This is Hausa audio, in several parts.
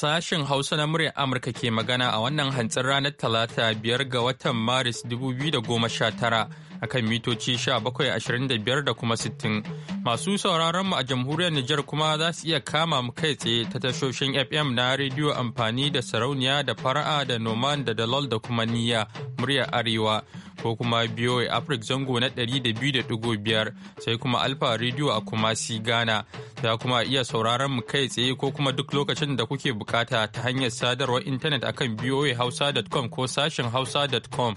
Sashen Hausa na muryar Amurka ke magana a wannan hantsin ranar Talata biyar ga watan Maris 2019 akan mitoci 1725 da kuma 60. Masu sauraron mu a jamhuriyar Nijar kuma za su iya kama mu kai tsaye ta tashoshin FM na rediyo amfani da sarauniya da fara'a da noman da dalol da kuma niyya muryar arewa. ko kuma biyo a afrik zango na ɗari da da biyu biyar sai kuma Alfa rediyo a Kumasi Ghana. Za kuma iya sauraron mu kai tsaye ko kuma duk lokacin da kuke bukata ta hanyar sadarwar intanet akan boahausa.com ko sashen hausa.com.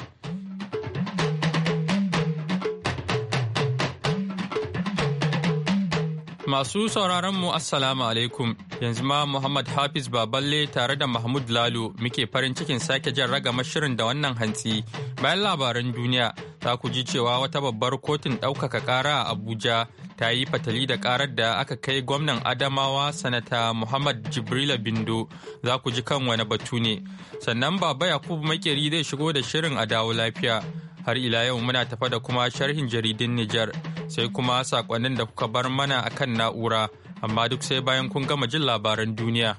Masu sauraron mu Assalamu alaikum yanzu ma Muhammad Hafiz Baballe tare da Mahmud Lalo muke farin cikin sake jan ragama shirin da wannan hantsi. Bayan labaran duniya za ku ji cewa wata babbar kotun ɗaukaka ƙara a Abuja ta yi fatali da ƙarar da aka kai gwamnan Adamawa sanata Muhammad Jibrila Bindo za ku ji kan wani batu ne. Sannan Baba Yakubu Makeri zai shigo da shirin a dawo lafiya. har ila yau muna tafa da kuma sharhin jaridin Nijar sai kuma sakonnin da kuka bar mana akan na'ura amma duk sai bayan kun gama jin labaran duniya.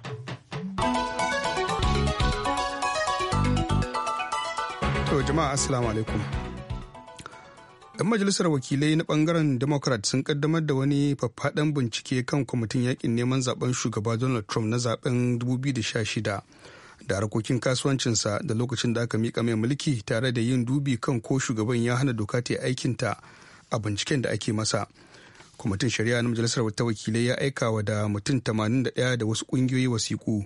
To jama'a assalamu alaikum. 'yan majalisar wakilai na ɓangaren democrat sun kaddamar da wani faffaɗan bincike kan kwamitin yakin neman zaben shugaba donald trump na zaben 2016 da harkokin kasuwancinsa da lokacin da aka mika mai mulki tare da yin dubi kan ko shugaban ya hana doka ta aikinta a binciken da ake masa kwamitin shari'a na majalisar ta wakilai ya aika wa da mutum 81 da da wasu ƙungiyoyi wasiku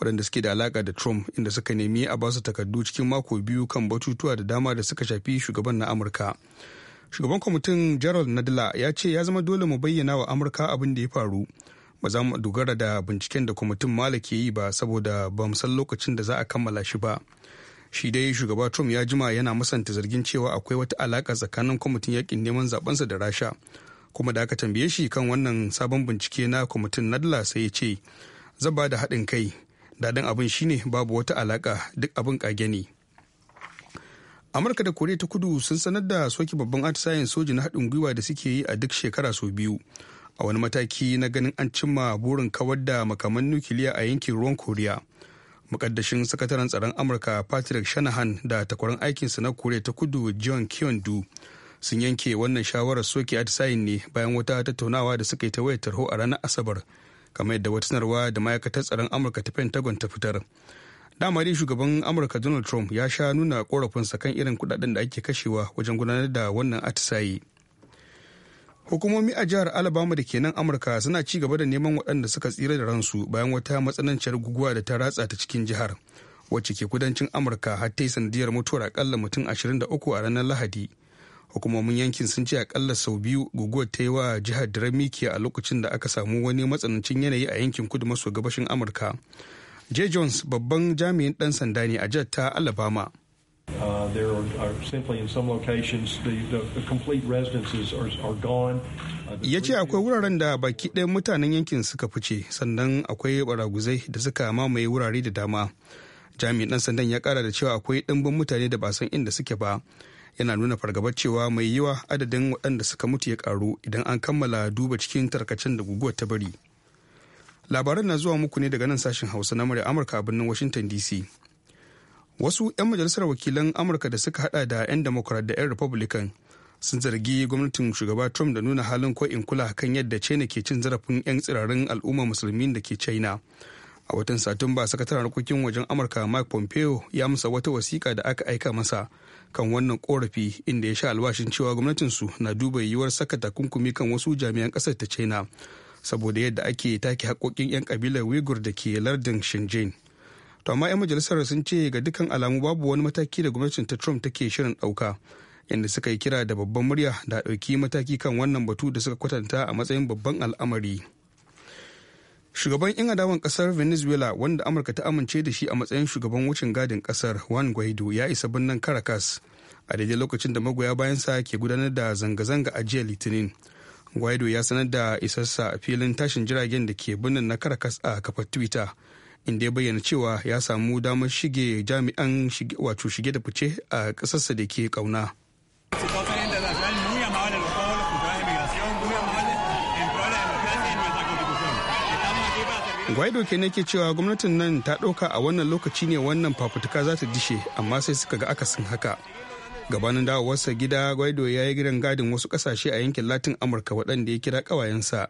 waɗanda suke da alaka da trump inda suka nemi a basu takardu cikin mako biyu kan batutuwa da dama da suka shafi shugaban na amurka shugaban kwamitin gerald nadla ya ce ya zama dole mu bayyana wa amurka abin da ya faru ba za mu dogara da binciken da kwamitin mala ke yi ba saboda ba mu san lokacin da za a kammala shi ba shi dai shugaba trump ya jima yana masanta zargin cewa akwai wata alaka tsakanin kwamitin yakin neman zabensa da rasha kuma da aka tambaye shi kan wannan sabon bincike na kwamitin nadla sai ya ce zan ba da haɗin kai daɗin abin shine babu wata alaka duk abin kage ne amurka da koriya ta kudu sun sanar da soke babban atisayen soji na haɗin gwiwa da suke yi a duk shekara sau biyu a wani mataki na ganin an cimma burin kawar da makaman nukiliya a yankin ruwan koriya mukaddashin sakataren tsaron amurka patrick shanahan da takwaran aikinsa na koriya ta kudu john kyondu sun yanke wannan shawarar soke atisayin ne bayan wata tattaunawa da suka yi ta wayar tarho a ranar asabar kamar yadda wata sanarwa da ma'aikatar tsaron amurka ta pentagon ta fitar dama dai shugaban amurka donald trump ya sha nuna korafinsa kan irin kudaden da ake kashewa wajen gudanar da wannan atisayi hukumomi a jihar alabama da ke nan amurka suna ci gaba da neman waɗanda suka tsira da ransu bayan wata matsananciyar guguwa da ta ratsa ta cikin jihar wacce ke kudancin amurka har ta yi sanadiyar mutuwar akalla mutum ashirin da uku a ranar lahadi hukumomin yankin sun ce akalla sau biyu guguwar ta yi wa jihar diramikiya a lokacin da aka samu wani matsanancin yanayi a yankin kudu maso gabashin amurka j jones babban jami'in ɗan sanda ne a jihar ta alabama Uh, there are, are, uh, simply in some locations the, the, the complete residences are, are gone. Uh, ya ce akwai wuraren da baki ɗaya mutanen yankin suka fice sannan akwai baraguzai da suka mamaye wurare da dama jami'in ɗan sandan ya ƙara da cewa akwai ɗimbin mutane da ba san inda suke ba yana nuna fargabar cewa mai yiwa adadin waɗanda suka mutu ya ƙaru idan an kammala duba cikin tarkacen da guguwar ta bari labaran na zuwa muku ne daga nan sashen hausa na amurka a birnin washington dc wasu 'yan majalisar wakilan amurka da suka hada da 'yan democrat da 'yan republican sun zargi gwamnatin shugaba trump da nuna halin ko in kula kan yadda china ke cin zarafin 'yan tsirarin al'umma musulmi da ke china a watan satumba sakataren harkokin wajen amurka mike pompeo ya musa wata wasiƙa da aka aika masa kan wannan korafi inda ya sha alwashin cewa gwamnatinsu na duba yiwuwar saka takunkumi kan wasu jami'an kasar ta china saboda yadda ake take haƙoƙin 'yan ƙabilar uyghur da ke lardin shenzhen to amma 'yan majalisar sun ce ga dukkan alamu babu wani mataki da gwamnatin ta trump take shirin dauka inda suka yi kira da babban murya da ɗauki mataki kan wannan batu da suka kwatanta a matsayin babban al'amari shugaban 'yan adawan kasar venezuela wanda amurka ta amince da shi a matsayin shugaban wucin gadin kasar juan guaido ya isa birnin caracas a daidai lokacin da magoya bayansa ke gudanar da zanga-zanga a jiya litinin guaido ya sanar da isassa a filin tashin jiragen da ke birnin na caracas a kafar twitter inda ya bayyana cewa ya samu damar shige jami'an wato shige da fice a ƙasarsa da ke ƙauna. Gwaido ke ke cewa gwamnatin nan ta ɗauka a wannan lokaci ne wannan fafutuka za ta dishe amma sai suka ga akasin haka. Gabanin dawowarsa gida gwaido ya yi giran gadin wasu ƙasashe a yankin Latin Amurka waɗanda ya kira ƙawayensa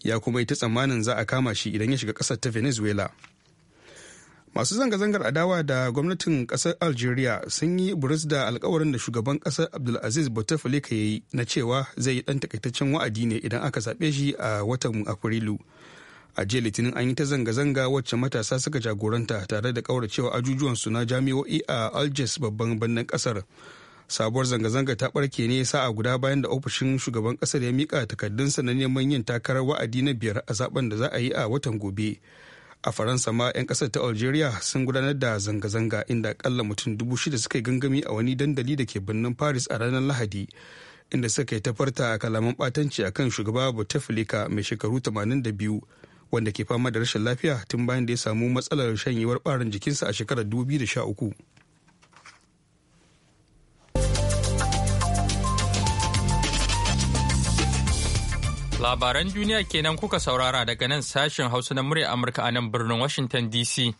ya kuma yi ta tsammanin za a kama shi idan ya shiga ƙasar ta Venezuela. masu zanga-zangar adawa da gwamnatin kasar algeria sun yi buris da alkawarin da shugaban kasar abdulaziz bouteflika ya yi na cewa zai yi dan takaitaccen wa'adi ne idan aka zaɓe shi a watan afrilu a jiya litinin an yi ta zanga-zanga wacce matasa suka jagoranta tare da cewa ajujuwan su na jami'o'i a algiers babban birnin kasar sabuwar zanga-zanga ta barke ne sa'a guda bayan da ofishin shugaban kasar ya mika takardunsa na neman yin takarar wa'adi na biyar a zaben da za a yi a watan gobe a faransa ma 'yan kasar ta algeria sun gudanar da zanga-zanga inda akalla mutum dubu shida suka yi gangami a wani dandali da ke birnin paris a ranar lahadi inda suka yi tafarta a kalaman batanci a kan shugaba bouteflika mai shekaru 82 wanda ke fama da rashin lafiya tun bayan da ya samu matsalar shanyewar barin jikinsa a shekarar 2013 Labaran duniya kenan kuka saurara daga nan sashen Hausa na murya Amurka a nan birnin Washington DC.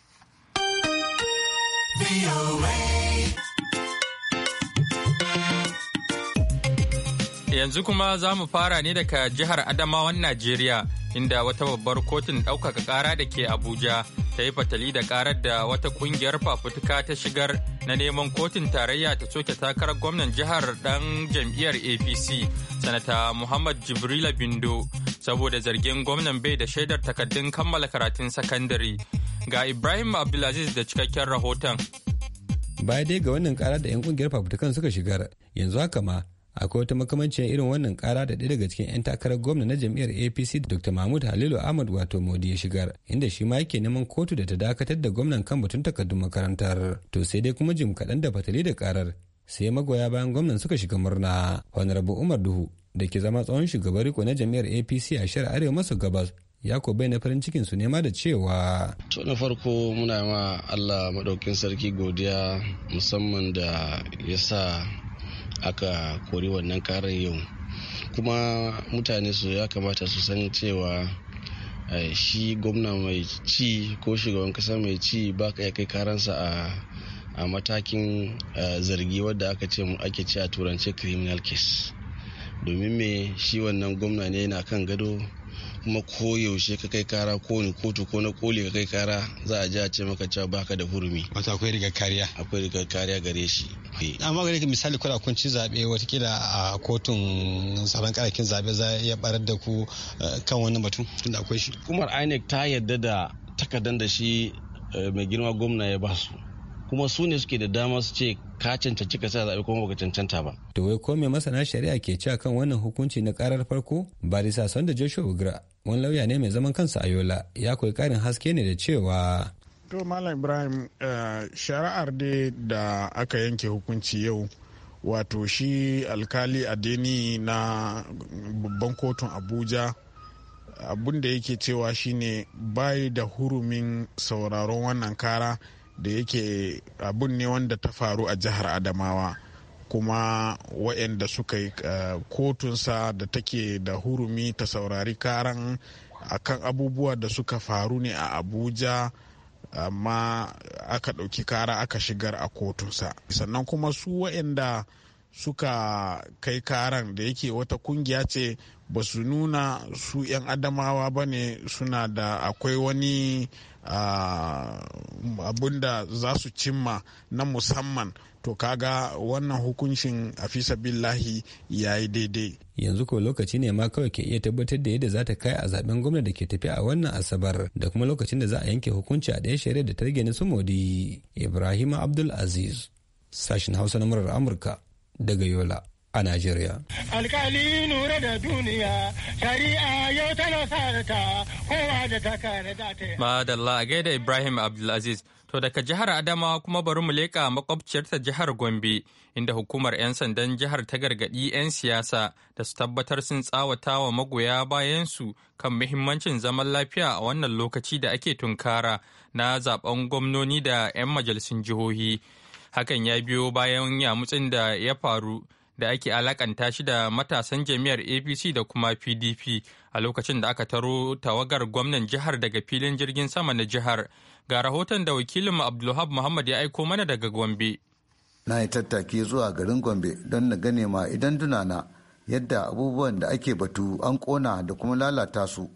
Yanzu kuma za mu fara ne daga jihar Adamawan Najeriya inda wata babbar kotun ɗaukaka ƙara da ke Abuja ta yi fatali da ƙarar da wata ƙungiyar fafutuka ta shigar na neman kotun tarayya ta soke takarar gwamnan jihar dan jam'iyyar apc sanata muhammad jibrila bindo saboda zargin gwamnan bai da shaidar takaddun kammala karatun sakandare ga ibrahim abdulaziz da cikakken rahoton baya dai ga wannan kara da 'yan kungiyar fafutukan suka shigar yanzu haka ma akwai wata makamancin irin wannan kara da ɗaya daga cikin 'yan takarar gwamna na jam'iyyar apc dr mahmud halilu ahmad wato modi ya shigar inda shi ma yake neman kotu da ta dakatar da gwamnan kan batun takardun makarantar to sai dai kuma jim kaɗan da fatali da karar sai magoya bayan gwamnan suka shiga murna honorable umar duhu da ke zama tsawon shugaban riko na jam'iyyar apc a shirar arewa maso gabas ya ko bai na farin cikin su nema da cewa to na farko muna ma allah maɗaukin sarki godiya musamman da ya sa aka kori wannan karar yau kuma mutane su ya kamata su san cewa eh, shi gwamna mai ci ko shugaban kasa mai ci ba ka iya kai karansa a a matakin eh, zargi wadda aka ce mu ake ci a turance criminal case domin me shi wannan gwamna ne yana kan gado kuma ko yaushe ka kai kara ko ni kotu ko na koli ka kai kara za a ji a ce maka cewa baka da hurumi wato akwai rigar kariya akwai rigar kariya gare shi eh. amma gare misali kuna kun ci zabe kila a kotun tsaron karakin zabe za ya barar da ku eh, kan wannan batun da akwai shi kuma inec ta yadda da takardar da shi eh, mai girma gwamna ya ba su kuma su ne suke da dama su ce ka cancanci ka sa zaɓe kuma baka cancanta ba. To wai ko me masana shari'a ke ci akan wannan hukunci na karar farko? son Sanda Joshua Ugra wani lauya ne mai zaman kansa a Yola ya koyi karin haske ne da cewa to malam ibrahim eh, shari'ar da da aka yanke hukunci yau wato shi alkali adeni na babban kotun abuja abun da yake cewa shine bayi da hurumin sauraron wannan kara da yake abun ne wanda ta faru a jihar adamawa kuma waɗanda suka yi eh, kotunsa da take da hurumi ta saurari karan akan abubuwa da suka faru ne a abuja amma aka ɗauki kara aka shigar a kotunsa sannan kuma su waɗanda suka kai karan da yake wata kungiya ce ba su nuna su 'yan adamawa ba ne suna da akwai wani abun da za su cimma na musamman to kaga wannan hukuncin afisa billahi ya yi daidai yanzu ko lokaci ne ma kawai ke iya tabbatar da yadda za ta kai a zaben gwamna da ke tafi a wannan asabar da kuma lokacin da za a yanke hukunci a ɗaya shari'a da ta rage na su ibrahim abdul aziz sashen hausa na murar amurka daga Yola a Najeriya. Alkali nura da duniya, shari'a yau tana sarata, kowa da ta kare da ta Madalla a gaida Ibrahim Abdulaziz. To daga jihar Adamawa kuma bari mu leƙa makwabciyarta jihar Gombe, inda hukumar 'yan sandan jihar ta gargaɗi 'yan siyasa da su tabbatar sun tsawata wa magoya bayan su kan muhimmancin zaman lafiya a wannan lokaci da ake tunkara na zaben gwamnoni da 'yan majalisun jihohi. hakan ya biyo bayan yamutsin da ya faru da ake alakanta shi da matasan jami'ar apc da kuma pdp a lokacin da aka taro tawagar gwamnan jihar daga filin jirgin sama na jihar ga rahoton da wakilin abdulhab muhammad ya aiko mana daga gombe na yi tattaki zuwa garin gombe don na gane ma idan tunana yadda abubuwan da ake batu an kona da kuma lalata su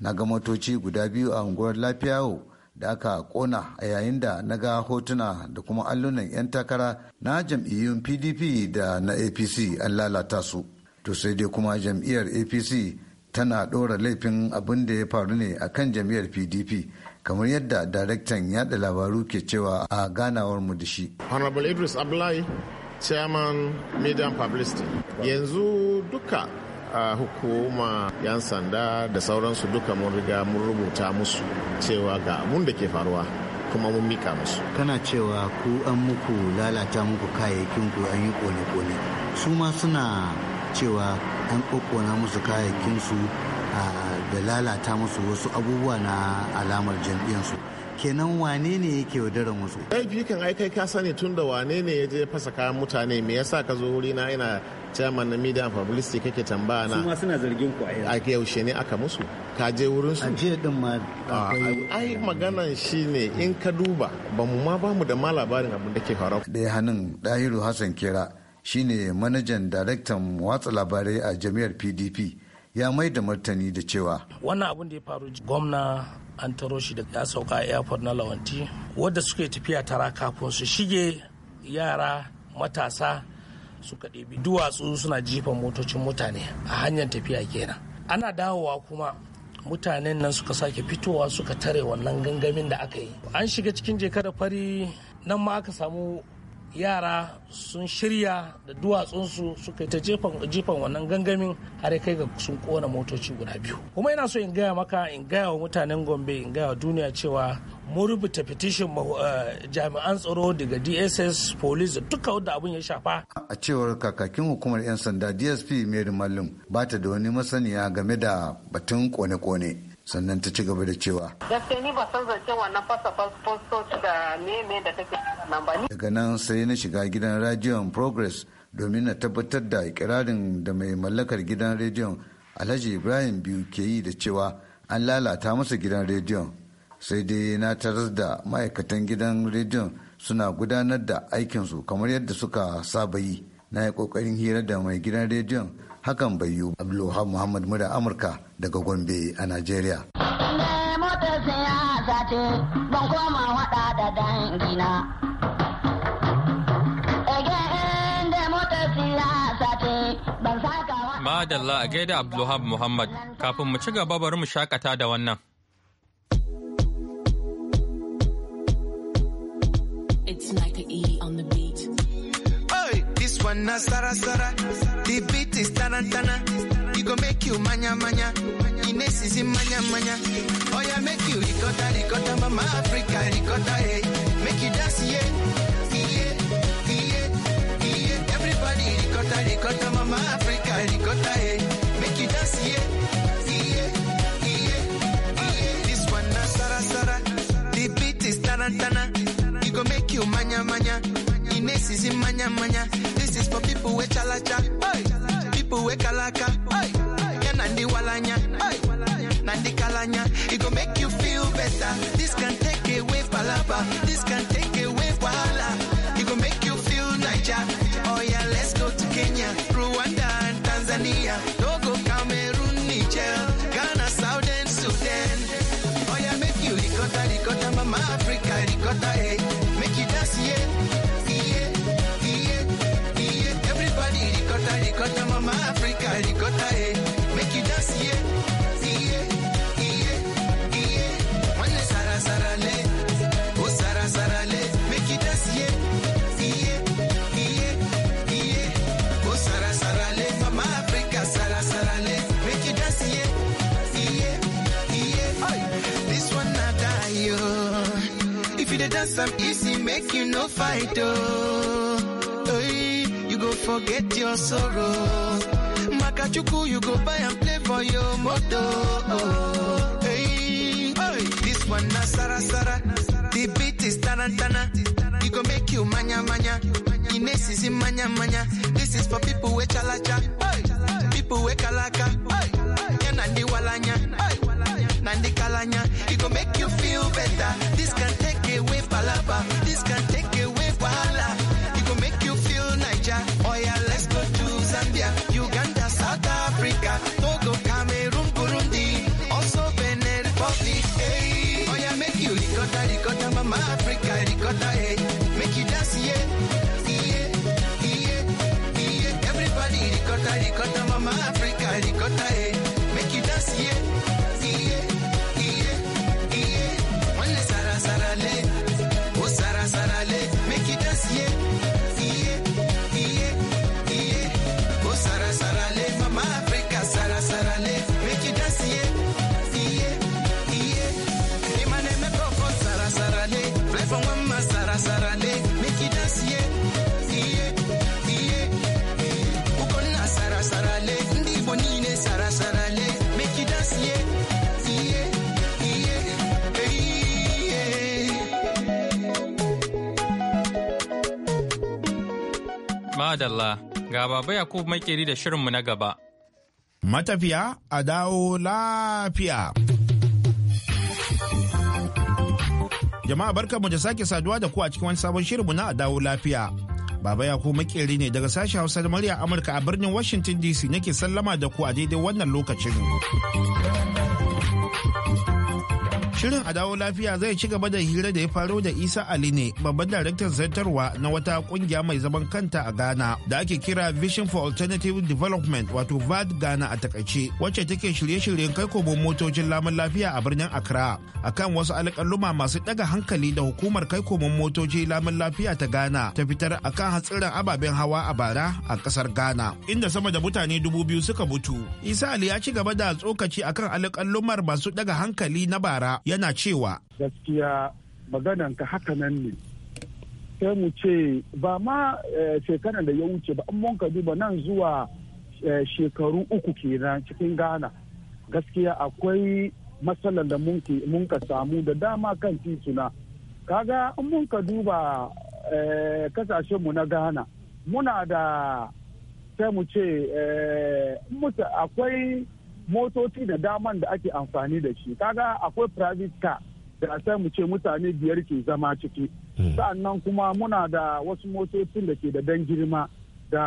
na ga motoci guda biyu a unguwar lafiyawo da aka kona a yayin da na ga hotuna da kuma allunan 'yan takara na jam'iyyun pdp da na apc an lalata su to sai dai kuma jam'iyyar apc tana ɗora laifin abin da ya faru ne a kan jam'iyyar pdp kamar yadda daraktan yada labaru ke cewa a ganawar mu da shi honorable idris abdullahi chairman media publicity yanzu duka a hukuma yan sanda da sauransu duka mun riga mun rubuta musu cewa ga abun da ke faruwa kuma mun mika musu kana cewa ku an muku lalata muku kayayyakin ku an yi kone-kone su ma suna cewa an kokona musu kayayyakin su da lalata musu wasu abubuwa na alamar jam'iyyarsu kenan wane ne yake musu. wasu laifi eh, kan ai ka sani tun da wane ne ya je fasa kayan mutane me yasa ka zo wuri na ina chairman na media and publicity kake tambaya na kuma suna zargin ku a yaushe ne aka musu ka je wurin su jiya din ma ah, ai maganan shine in ka duba ba mu ma ba mu da ma labarin abin da ke faruwa da hannun dahiru hasan kera shine manajan daraktan watsa labarai a jami'ar pdp ya mai da martani da cewa wannan abin da ya faru gwamna an taro shi da ya sauka a airport na lawanti wadda suke tafiya tara kafin su shige yara matasa suka ɗebi duwatsu suna jifa motocin mutane a hanyar tafiya kenan ana dawowa kuma mutanen nan suka sake fitowa suka tare wannan gangamin da aka yi an shiga cikin jeka da fari nan ma aka samu yara sun shirya da duwatsunsu suka yi ta jefan wannan gangamin har kai ga sun kona motoci guda biyu kuma ina so in gaya maka in gaya wa mutanen gombe in gaya wa duniya cewa mun rubuta petition eh, jami'an tsaro daga dss police da duka wadda abin ya shafa a cewar kakakin hukumar 'yan sanda dsp mary mallum ba ta da wani masaniya game da batun kone-kone sannan ta ci gaba da cewa gaskiya ba san zance wannan fasa da meme da take nan ba daga nan sai na shiga gidan Radio progress domin na tabbatar da ikirarin da mai mallakar gidan rediyon alhaji ibrahim biyu ke yi da cewa an lalata masa gidan rediyon sai dai na tarar da ma'aikatan gidan rediyon suna gudanar da aikinsu kamar yadda suka saba yi na yi kokarin hira da mai gidan rediyon hakan bai yi abdulwahab muhammad mura amurka daga gombe a nigeria ban koma Madalla a gaida Abdulhab Muhammad kafin mu ci gaba bari mu shakata da wannan. It's like e on the beat. Hey, this one na sara sara. The beat is tarantana. You go make you manya manya. Ines is in manya manya. Oh yeah, make you ricotta ricotta, mama Africa ricotta, hey. Eh. Make you dance, yeah, yeah, yeah, yeah. Everybody ricotta ricotta, mama Africa ricotta, hey. Eh. Make you dance, yeah. yeah, yeah, yeah. This one na sara sara, the beat is tarantana you manya manya. Ines is in manya manya. This is for people with chalacha. Hey. People with kalaka. Hey. Yeah, nandi walanya. Hey. Nandi kalanya. It go make you feel better. This can take away palapa. This can take away wahala. It go make you feel Niger. Oh yeah, let's go to Kenya, Rwanda and Tanzania. Togo, Cameroon, Niger, Ghana, South and Sudan. Oh yeah, make you ricotta, ricotta, mama Africa, ricotta, hey. Eh. Yeah. balance am easy make you no fight oh hey, you go forget your sorrow makachukwu you go buy and play for your moto oh hey, hey. this one na sara sara the beat is tarantana e go make you manya manya e next is manya manya this is for people wey chalacha hey. people wey kalaka hey. ya na walanya hey. na kalanya e go make you feel better this can take this can not Abdallah ga baba Yakubu makeri da shirinmu na gaba. Matafiya a dawo lafiya. Jama'a barkanmu mu da sake saduwa da ku a cikin wani sabon shirinmu na a dawo lafiya. Baba Yakubu makeri ne daga sashen Hausa da murya Amurka a birnin Washington DC nake sallama da ku a daidai wannan lokacin. Shirin a dawo lafiya zai ci gaba da hira da ya faro da Isa Ali ne babban daraktan zartarwa na wata kungiya mai zaman kanta a Ghana da ake kira Vision for Alternative Development wato VAD Ghana a takaice wacce take shirye-shiryen kai komo motocin lamun lafiya a birnin Accra akan wasu alƙaluma masu daga hankali da hukumar kai komo motoci lamun lafiya ta Ghana ta fitar akan hatsiran ababen hawa a bara a ƙasar Ghana inda sama da mutane dubu biyu suka mutu. Isa Ali ya ci gaba da tsokaci akan alƙalumar masu daga hankali na bara yana cewa gaskiya maganan ka haka nan ne sai mu ce ba ma eh, shekarar da ya wuce ba an mun ka duba nan zuwa eh, shekaru uku kenan cikin ghana gaskiya akwai matsalar da mun ka samu da dama kan tituna kaga mun ka duba eh, kasashenmu na ghana muna da sai mu ce akwai motoci da daman da ake amfani da shi kaga akwai private car da sai mu ce mutane biyar ke zama ciki hmm. sa'annan kuma muna da wasu motocin da ke da dan girma da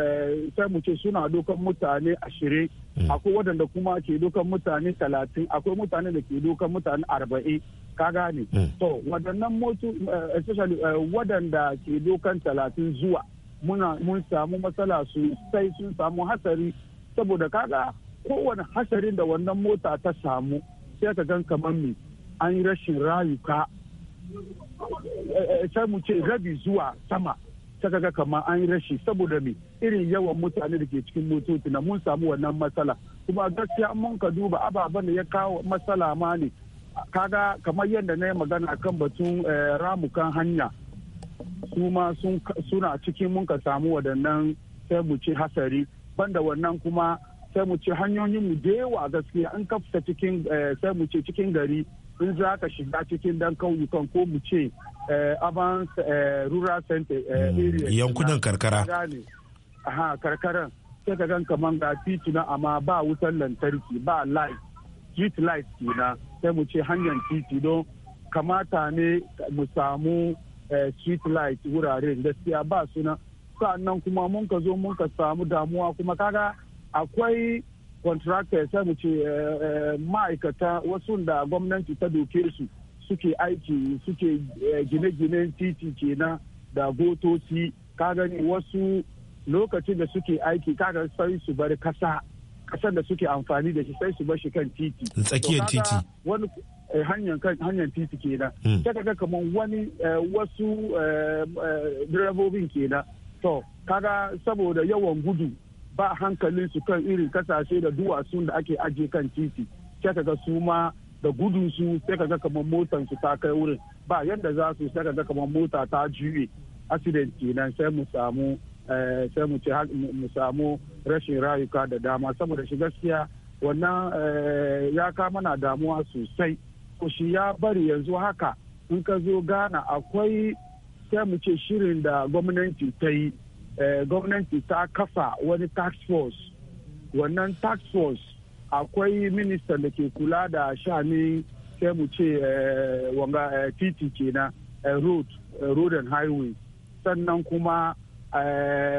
eh, sai mu ce suna dokan mutane ashirin hmm. akwai waɗanda kuma ke dokan mutane talatin akwai mutane da ke dokan mutane arba'in ka gane hmm. to waɗannan moto eh, especially eh, waɗanda ke dokan talatin zuwa muna mun samu matsala sosai sun samu hasari saboda kaga kowane hasarin da wannan mota ta samu sai ka gan kamar mu an yi rashin rayuka eh, eh, sai mu ce rabi zuwa sama ta kaga kamar an yi rashi saboda me irin yawan mutane da ke cikin motoci na mun samu wannan matsala kuma gaskiya mun ka duba ababen da ya kawo matsala ma ne kaga kamar yadda na yi magana kan batun eh, ramukan hanya su ma suna cikin mun ka samu waɗannan sai mu ce hasari banda wannan kuma sai mu ce hanyoyin mu da yawa gaskiya an ka cikin eh, sai mu ce cikin gari in za ka shiga cikin dan kauyukan ko mu ce eh, aban eh, rural center hmm, area yankunan karkara ha karkaran sai ka gan kaman ga tituna amma ba wutan lantarki ba light street light kenan sai mu ce hanyar titi don kamata ne mu samu street light wurare gaskiya ba suna sa'annan kuma mun ka zo mun ka samu damuwa kuma kaga akwai contractors sai mu ce eh, eh, ma'aikata wasu da gwamnati ta doke su suke aiki suke eh, gine gine titi kenan da gotoci ka gani wasu lokacin da suke aiki kaga sai su bar kasa kasar da suke amfani da shi sai su bar shi kan titi tsakiyar titi wani hanyar hanyar titi kenan ta hmm. kaga kamar wani wasu direbobin kenan to kaga saboda yawan gudu ba hankalin su kan irin kasashe da duwatsun da ake aje kan titi sai kaga su ma da gudu su sai kaga kamar motan su ta kai wurin ba yadda za su sai kaga kamar mota ta juye accident kenan sai mu samu eh, sai mu ce mu samu rashin rayuka da dama saboda shi gaskiya wannan eh, ya ka mana damuwa sosai ko shi ya bari yanzu haka in ka zo gana akwai sai mu ce shirin da gwamnati ta yi Eh, gwamnati ta kafa wani tax force wannan tax force akwai ministan da ke kula da shani sai mu ce eh, wanga eh, titi kenan road road and highway sannan kuma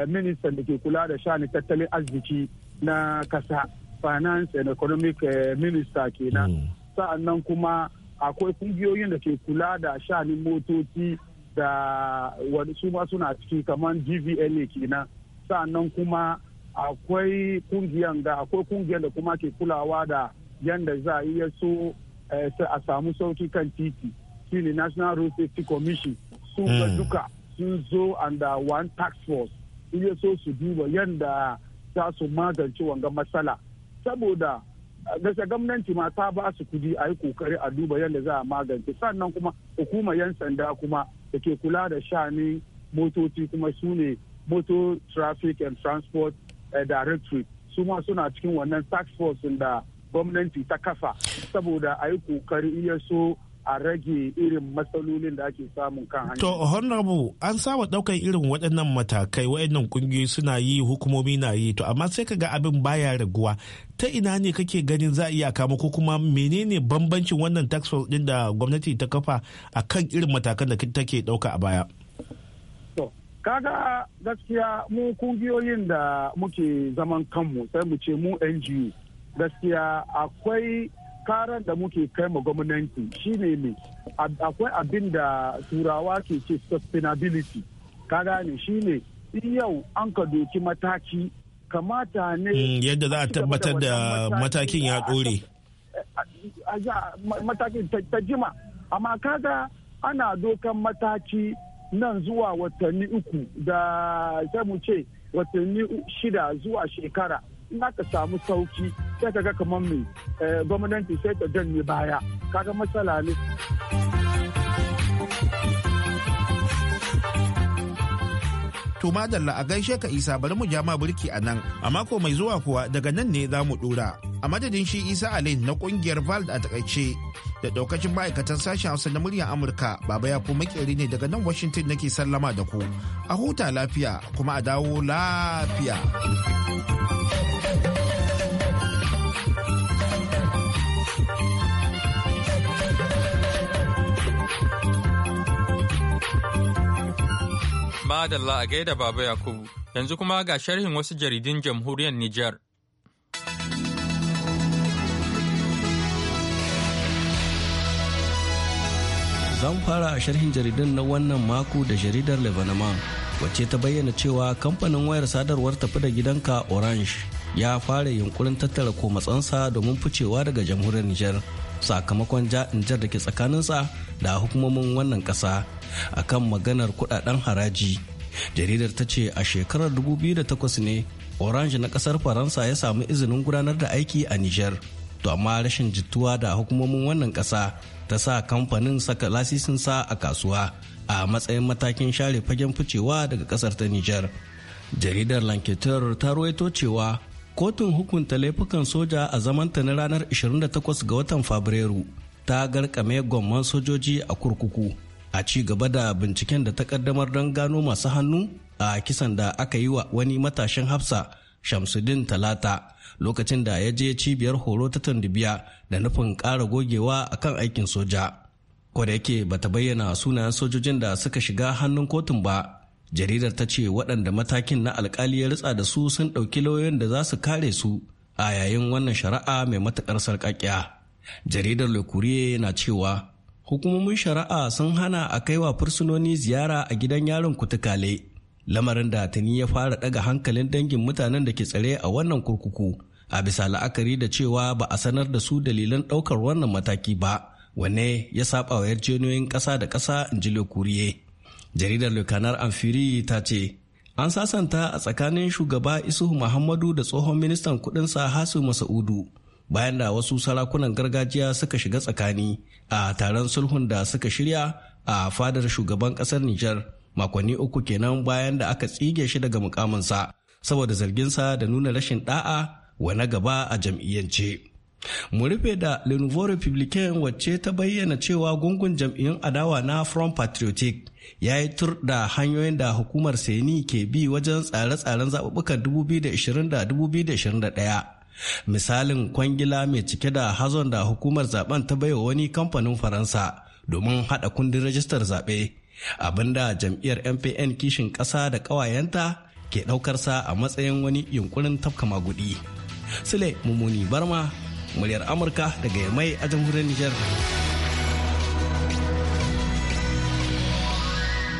ministan da ke kula da shani tattalin arziki na kasa finance and economic minister kenan mm. sa'annan kuma akwai kungiyoyin da ke kula da shani motoci da su ma suna ciki kamar gvla kenan sannan kuma akwai kungiyan da akwai kungiyan da kuma ke kulawa da yanda za a iya so eh, a samu sauki kan titi shine national road safety commission su hmm. duka sun zo under one tax force iya so su duba yanda za su magance wanga matsala saboda eh, gasa gwamnati ma ta ba su kudi a yi kokari a duba yadda za a magance sannan kuma hukumar yan sanda kuma da ke kula da sha'anin motoci kuma su ne motor traffic and transport eh, directorate su ma suna cikin wannan task force da gwamnati ta kafa saboda a yi kokari iya so a rage irin matsalolin da ake samun kan hanyar. To, honorable, an saba ɗaukar irin waɗannan matakai waɗannan ƙungiyoyi suna yi hukumomi na yi to amma sai ka ga abin baya raguwa. Ta ina ne kake ganin za a iya kama ko kuma menene bambancin wannan tax ɗin da gwamnati ta kafa a kan irin matakan da take ɗauka a baya? To, kaga gaskiya mu kungiyoyin da muke zaman kanmu sai mu ce mu NGO gaskiya akwai karan da muke kai ma gwamnati shine ne akwai abin da turawa ke ce sustainability ka gane shine in yau an ka doki mataki kamata ne hmm, yadda za a tabbatar da matakin ya dore matakin ta jima amma kaga ana dokan mataki nan zuwa watanni uku da sai mu ce watanni shida zuwa shekara in aka samu sauki sai ka ga kamar mai eh, gwamnati sai ta janye baya kaga matsala ne to madalla a gaishe ka isa bari mu ja ma burki a nan a mako mai zuwa kuwa daga nan ne za mu dora a madadin shi isa alain na kungiyar vald a takaice da daukacin ma'aikatan sashen hausa na muryar amurka baba ya makeri ne daga nan washington nake sallama da ku a huta lafiya kuma a dawo lafiya Madalla a gaida Baba Yakubu, yanzu kuma ga sharhin wasu jaridun jamhuriyar Nijar. Zan fara a sharhin jaridun na wannan mako da jaridar lebanon wacce ta bayyana cewa kamfanin wayar sadarwar tafi da gidanka orange ya fara yunkurin tattara komatsansa domin ficewa daga jamhuriyar nijar sakamakon ja'injar da ke tsakaninsa da hukumomin wannan ƙasa kan maganar kudaden haraji jaridar ta ce a shekarar 2008 ne orange na ƙasar faransa ya samu izinin gudanar da aiki a nijar to amma rashin jituwa da hukumomin wannan ƙasa ta sa kamfanin saka lasisin sa a kasuwa a matsayin matakin share fagen ficewa daga kasar ta nijar jaridar lanketer ta ruwaito cewa kotun hukunta laifukan soja a zamanta na ranar 28 ga watan fabrairu ta garkame gwamman sojoji a kurkuku a ci gaba da binciken da ta kaddamar don gano masu hannu a kisan da aka yi wa wani matashin hafsa shamsuddin talata lokacin da ya je cibiyar horo ta tandibiya da nufin ƙara gogewa a kan aikin soja kwada yake bata bayyana sunayen sojojin da suka shiga hannun kotun ba jaridar ta ce waɗanda matakin na alkali ya ritsa da su sun ɗauki lauyoyin da za su kare su a yayin wannan shari'a mai matuƙar sarƙaƙiya jaridar le na cewa hukumomin shari'a sun hana a kaiwa fursunoni ziyara a gidan yaron kutukale lamarin da tuni ya fara daga hankalin dangin mutanen da ke tsare a wannan kurkuku a bisa la'akari da cewa ba a sanar da su dalilan ɗaukar wannan mataki ba wanne ya saba wa yarjejeniyoyin ƙasa da ƙasa in ji kuriye jaridar lokanar amfiri ta ce an sasanta a tsakanin shugaba isuhu muhammadu da tsohon ministan sa hasu masa'udu bayan da wasu sarakunan gargajiya suka shiga tsakani a taron sulhun da suka shirya a fadar shugaban ƙasar nijar makonni uku kenan bayan da aka tsige shi daga mukaminsa saboda zarginsa da nuna rashin da'a wa na gaba a jam'iyyance. Mu rufe da Le Nouveau Republicain wacce ta bayyana cewa gungun jam'iyyun adawa na Front Patriotic ya yi tur da hanyoyin da hukumar Seni ke bi wajen tsare-tsaren zaɓuɓɓukan 2020 da 2021. misalin kwangila mai cike da hazon da hukumar zaben ta baiwa wani kamfanin faransa domin haɗa kundin rajistar zaɓe abinda jam'iyyar mpn kishin ƙasa da ƙawayenta ke ɗaukarsa a matsayin wani yunkurin tafka magudi sule mummuni barma muryar amurka daga yamai a jamhuriyar nijar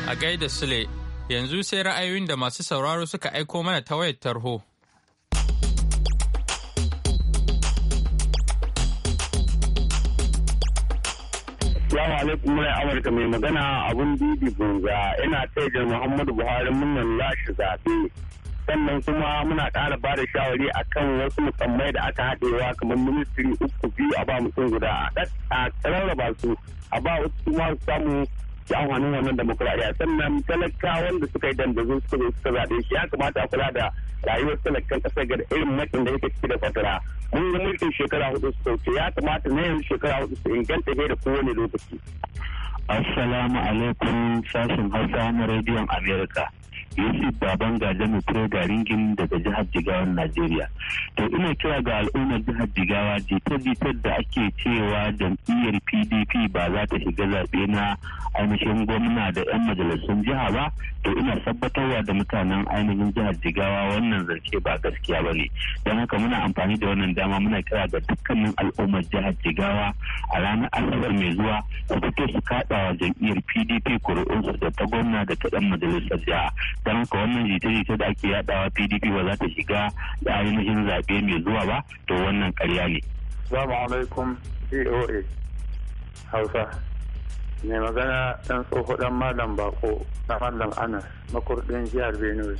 a gaida sule yanzu sai ra'ayoyin da masu sauraro suka aiko mana ta wayar tarho Assalamu alaikum murai Amurka mai magana abun Didi Bunza ina da Muhammadu Buhari munan lashe zaɓe. Sannan kuma muna ƙara ba da shawari a kan wasu musammai da aka haɗewa kamar ministiri uku biyu a ba mutum guda a rarraba su a ba wasu kuma samu ci amfanin wannan demokuraɗiyya sannan talaka da suka yi dandazo suka zo suka zaɓe shi ya kamata a kula da rayuwar talakan ƙasar ga irin matsin da yake ciki da fatara. mun yi mulkin shekara hudu su sauke ya kamata na yanzu shekara hudu su inganta da kowane lokaci. Assalamu alaikum sashen Hausa na rediyon Amerika. yusuf baban gajami ko garingin daga jihar jigawa najeriya to ina kira ga al'ummar jihar jigawa jita-jitar da ake cewa jam'iyyar pdp ba za ta shiga zaɓe na ainihin gwamna da 'yan majalisun jiha ba to ina tabbatarwa da mutanen ainihin jihar jigawa wannan zance ba gaskiya ba ne don haka muna amfani da wannan dama muna kira ga dukkanin al'ummar jihar jigawa a ranar asabar mai zuwa su fito su kaɗa wa jam'iyyar pdp kuri'unsu da ta gwamna da ta 'yan majalisar jiha don ka wannan jita-jita da ake yadawa pdp ba za ta shiga da ainihin zaɓe mai zuwa ba to wannan karya ne. salamu alaikum coa hausa mai magana ɗan tsoho ɗan malam bako na malam anas makurɗin jihar benue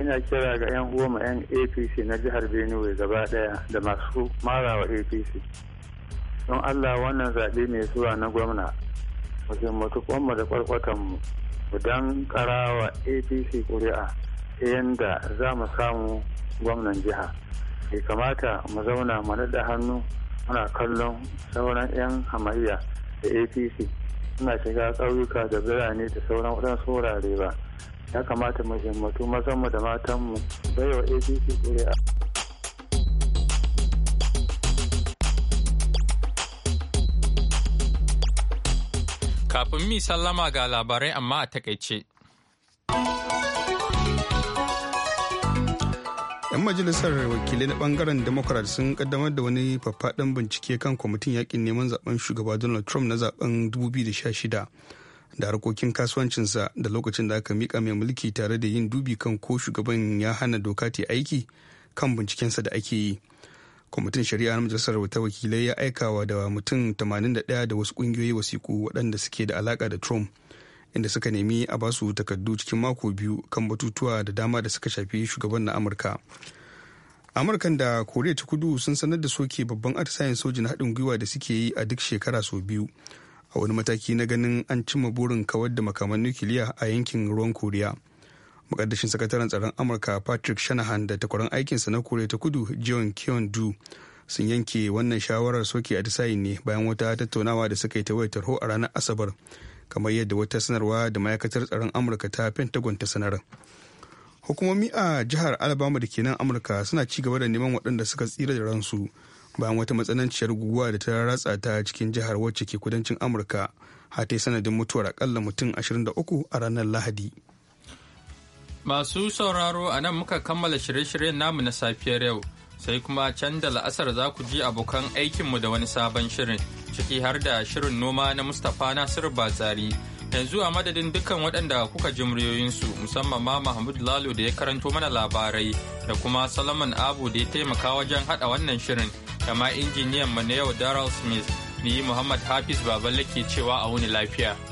ina kira ga 'yan goma 'yan apc na jihar benue gaba ɗaya da masu marawa apc don allah wannan zaɓe mai zuwa na gwamna mu mutu kwanmu da kwarkwatanmu mu dan karawa apc kuri'a yadda za mu samu gwamnan jiha bai kamata mu zauna mu naɗa hannu muna kallon sauran 'yan hamayya da apc suna shiga ƙauyuka da birane da sauran waɗansu wurare ba ya kamata mu himmatu mazanmu da matanmu baiwa apc kuri'a Kafin mi sallama ga labarai amma a takaice. 'yan majalisar wakilai na bangaren democrat sun kaddamar da wani faffaɗan bincike kan kwamitin yakin neman zaben shugaba donald trump na zaben 2016 da harkokin kasuwancinsa da lokacin da aka mika mai mulki tare da yin dubi kan ko shugaban ya hana doka ta aiki kan bincikensa da ake yi kwamitin shari'a na majalisar ta wakilai ya aikawa da mutum 81 da wasu kungiyoyi wasiku waɗanda suke da alaka da trump inda suka nemi a basu takardu cikin mako biyu kan batutuwa da dama da suka shafi shugaban na amurka amurkan da koriya ta kudu sun sanar da soke babban atisayen sojin haɗin gwiwa da suke yi a duk shekara sau biyu a wani mataki na ganin an cimma burin kawar da makaman nukiliya a yankin ruwan koriya mukaddashin sakataren tsaron amurka patrick shanahan da takwaran aikinsa na kore ta kudu john keon du sun yanke wannan shawarar soke a disayin ne bayan wata tattaunawa da suka yi ta wayar tarho a ranar asabar kamar yadda wata sanarwa da ma'aikatar tsaron amurka ta pentagon ta sanar hukumomi a jihar alabama da ke nan amurka suna ci gaba da neman waɗanda suka tsira da ransu bayan wata matsananciyar guguwa da ta ratsa ta cikin jihar wacce ke kudancin amurka hata yi sanadin mutuwar akalla mutum ashirin da uku a ranar lahadi Masu sauraro a nan muka kammala shirye-shiryen namu na safiyar yau, sai kuma can da la'asar za ku ji abokan aikinmu da wani sabon shirin, ciki har da shirin noma na Mustapha Nasiru Batsari. Yanzu a madadin dukkan waɗanda kuka ji muryoyinsu musamman ma Mahmud Lalo da ya karanto mana labarai da kuma Solomon Abu da ya taimaka wajen haɗa wannan shirin, da ma injiniyan mu na yau Daryl Smith, ni Muhammad Hafiz Baballe ke cewa a wuni lafiya.